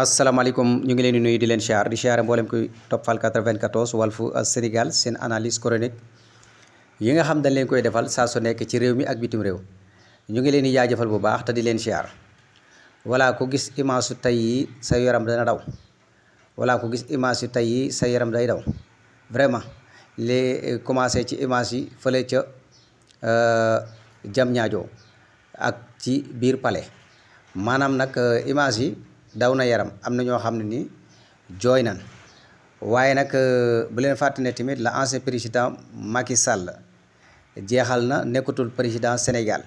asalaamaaleykum ñu ngi leen di nuyu di leen siyaar di siyaare mboolem koy topp Fall 94 Walfu Sénégal seen analyse chronique yi nga xam dañ leen koy defal saa su nekk ci réew mi ak bitim réew ñu ngi leen di jaajëfal bu baax te di leen siyaar voilà ku gis image su tey sa yaram dana daw voilà ku gis image su tey sa yaram day daw vraiment les commencé ci image yi fële ca jam euh, ñaajoo ak ci biir pale maanaam nag euh, image yi daw na yaram am na ñoo xam ne ni jooy nan waaye nag euh, bu leen fàtte ne tamit la ancien président Macky Sall jeexal na nekkatul président Sénégal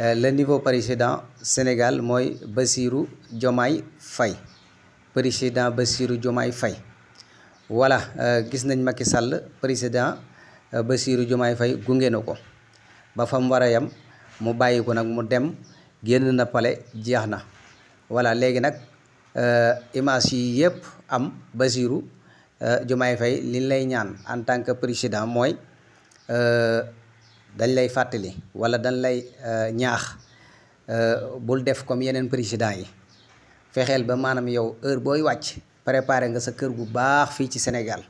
euh, la niveau président Sénégal mooy Bassirou Diomaye fay président Bassirou Diomaye fay voilà euh, gis nañ Macky Sall président Bassirou Diomaye fay gunge na ko ba fa mu war yam mu bàyyi ko nag mu dem génn na pale jeex na voilà léegi nag euh, image yi yëpp am Basiru Jumaay euh, Fay liñ lay ñaan en tant que président mooy euh, dañ lay fàttali wala dañ lay ñaax bul def comme yeneen président yi fexeel ba maanaam yow heure booy wàcc préparé nga sa kër gu baax fii ci Sénégal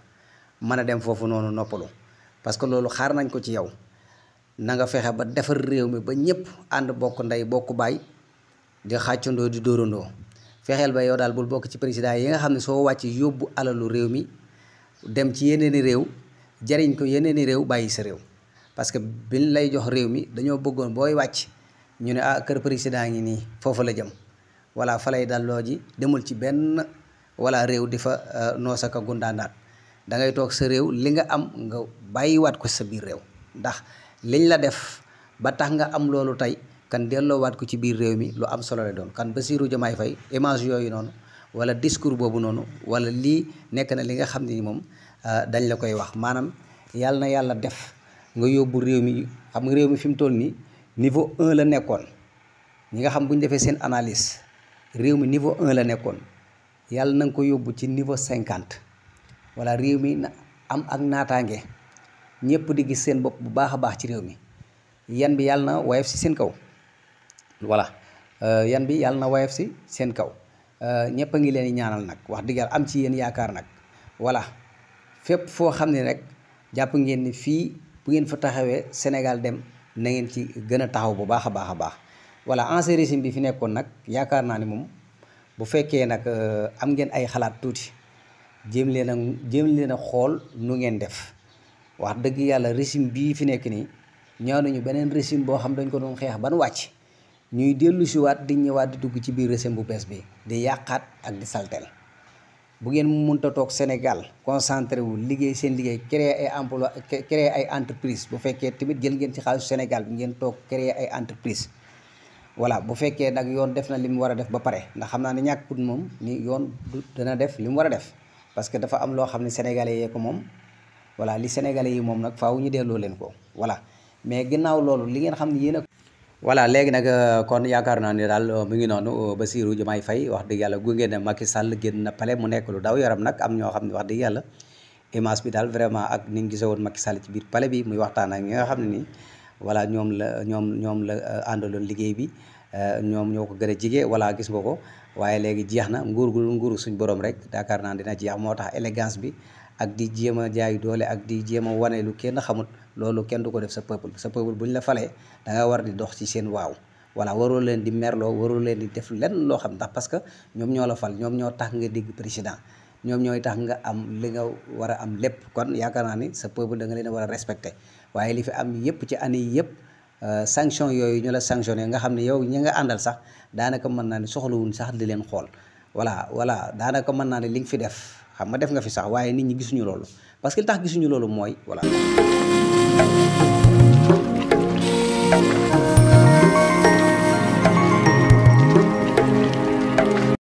mën a dem foofu noonu noppalu parce que loolu xaar nañ ko ci yow na nga fexe ba defar réew mi ba ñëpp ànd bokk ndey bokk baay di xàccandoo di dóorandoo fexeel ba yow daal bul bokk ci président yi nga xam ne soo wàcc yóbbu alalu réew mi dem ci yeneeni réew jariñ ko yeneeni réew bàyyi sa réew parce que biñ lay jox réew mi dañoo bëggoon booy wàcc ñu ne ah kër président ngi nii foofu la jëm wala fa lay dalloo ji demul ci benn wala réew di fa euh, noos ak a da ngay toog sa réew li nga am nga bàyyiwaat ko sa biir réew ndax liñ la def ba tax nga am loolu tey kan delloowaat ko ci biir réew mi lu am solo la doon kan ba Bassirou Diomaye Faye image yooyu noonu wala discours boobu noonu wala lii nekk na li nga xam ni moom ah, dañ la koy wax maanaam yàlla na yàlla def nga yóbbu réew mi xam nga réew mi fi mu toll nii niveau 1 la nekkoon ñi nga xam bu ñu defee seen analyse réew mi niveau 1 la nekkoon yàlla na nga ko yóbbu ci niveau cinquante wala réew mi na am ak naataange ñëpp di gis seen bopp bu baax a baax ci réew mi yan bi yàlla na woyof si seen kaw. voilà euh, yan bi yàlla na woyof si seen kaw euh, ñëpp a ngi leen di ñaanal nag wax dëgg yàlla am ci yéen yaakaar nag voilà fépp foo xam ne rek jàpp ngeen ni fii bu ngeen fa taxawee senegal dem na ngeen ci gën a taxaw bu baax a baax a baax voilà ancien régime bi fi nekkoon nag yaakaar naa ni moom bu fekkee nag euh, am ngeen ay xalaat tuuti jëm leen a jéem leen a xool nu ngeen def wax dëgg yàlla régime bii fi nekk nii ñëw nañu beneen régime boo xam dañ ko doon xeex ban wàcc ñuy dellu siwaat di ñëwaat di dugg ci biir régime bu bees bi di yàqaat ak di saltel bu ngeen mënta toog Sénégal concentré wu liggéey seen liggéey créer ay emploi créer ay entreprise bu fekkee tamit jël ngeen ci xaalisu Sénégal bi ngeen toog créer ay entreprise voilà bu fekkee nag yoon def na li mu war a def ba pare ndax xam naa ne ñàkkut moom ni yoon du dana def li mu war a def parce que dafa am loo xam ne sénégalais yee ko moom voilà li sénégalais yi moom nag faaw ñu delloo leen ko voilà léegi nag euh, kon yaakaar naa ni daal euh, mu ngi noonu euh, Bassirou Diomaye fay wax dëgg yàlla gunge na Macky Sall génn na pale mu nekk lu daw yaram nag am ñoo xam ne wax dëgg yàlla image bi daal vraiment ak ni ñu gisoon Macky Sall ci biir bi muy waxtaan ak ñi nga xam ne nii voilà ñoom la ñoom ñoom la àndaloon liggéey bi ñoom ñoo ko gën a jige voilà gis nga ko waaye léegi jeex na nguur gu nguuru suñ borom rek yaakaar naa dina jeex moo tax élégance bi ak di jéem a jaay doole ak di jéem a wane lu kenn xamut loolu kenn du ko def sa peuple sa peuple bu ñu la falee da war di dox ci seen waaw voilà waroo leen di merloo waroo leen di def lenn loo xam ndax parce que ñoom ñoo la fal ñoom ñoo tax nga dégg président ñoom ñooy tax nga am li nga war a am lépp kon yaakaar naa ni sa peuple da nga leen war a respecté waaye li fi am yëpp ci année yëpp Euh, sanction yooyu ñu la sanctionné nga xam ne yow ñi nga àndal sax daanaka mën naa ne soxlawuñ sax di leen xool voilà voilà daanaka mën naa ne li nga fi def xam ma def nga fi sax waaye nit ñi gisuñu loolu parce que li tax gisuñu loolu mooy voilà